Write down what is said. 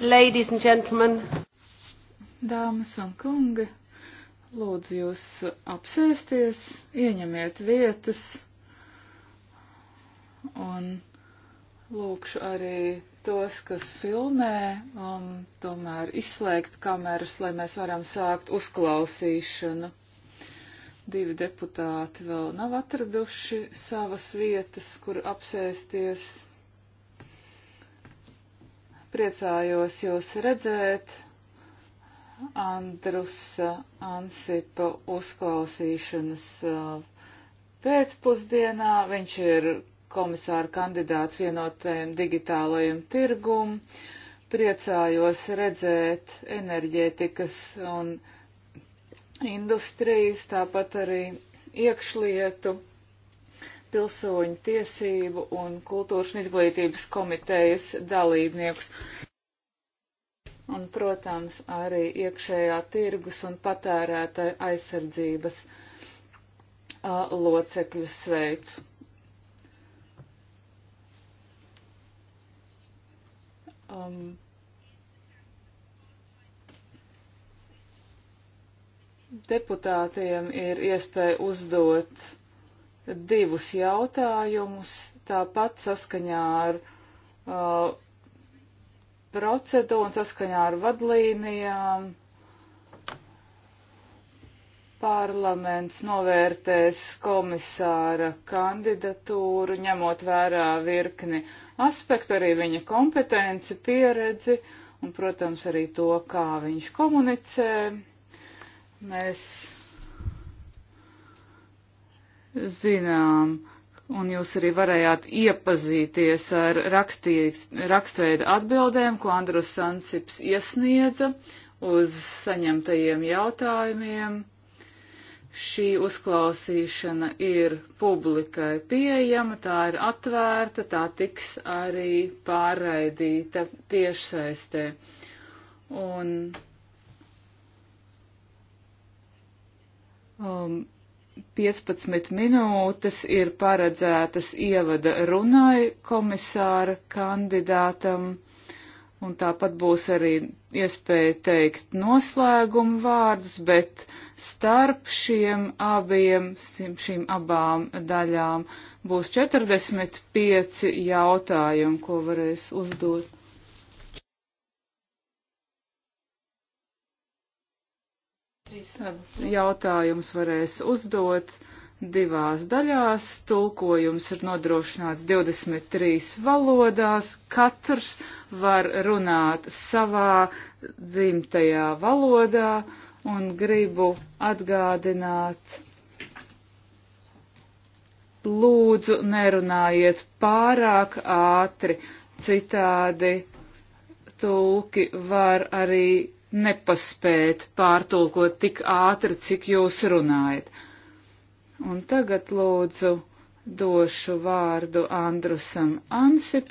Ladies and gentlemen. Dāmas un kungi, lūdzu jūs apsēsties, ieņemiet vietas un lūkšu arī tos, kas filmē, um, tomēr izslēgt kameras, lai mēs varam sākt uzklausīšanu. Divi deputāti vēl nav atraduši savas vietas, kur apsēsties. Priecājos jūs redzēt. Andrusa Ansipa uzklausīšanas uh, pēcpusdienā. Viņš ir komisāra kandidāts vienotajam digitālajam tirgum. Priecājos redzēt enerģētikas un industrijas, tāpat arī iekšlietu pilsoņu tiesību un kultūras un izglītības komitejas dalībniekus. Un, protams, arī iekšējā tirgus un patērētāja aizsardzības uh, locekļu sveicu. Um, deputātiem ir iespēja uzdot divus jautājumus, tāpat saskaņā ar uh, procedūru un saskaņā ar vadlīnijām. Parlaments novērtēs komisāra kandidatūru, ņemot vērā virkni aspektu, arī viņa kompetenci, pieredzi un, protams, arī to, kā viņš komunicē. Mēs zinām, un jūs arī varējāt iepazīties ar rakstīt, rakstveida atbildēm, ko Andrus Sansips iesniedza uz saņemtajiem jautājumiem. Šī uzklausīšana ir publikai pieejama, tā ir atvērta, tā tiks arī pārraidīta tiešsaistē. Un, um, 15 minūtes ir paredzētas ievada runai komisāra kandidātam, un tāpat būs arī iespēja teikt noslēgumu vārdus, bet starp šiem abiem, šīm abām daļām būs 45 jautājumi, ko varēs uzdot. Tad jautājums varēs uzdot divās daļās. Tulkojums ir nodrošināts 23 valodās. Katrs var runāt savā dzimtajā valodā un gribu atgādināt. Lūdzu, nerunājiet pārāk ātri, citādi tulki var arī nepaspēt pārtulkot tik ātri, cik jūs runājat. Un tagad lūdzu došu vārdu Andrusam Ansipam.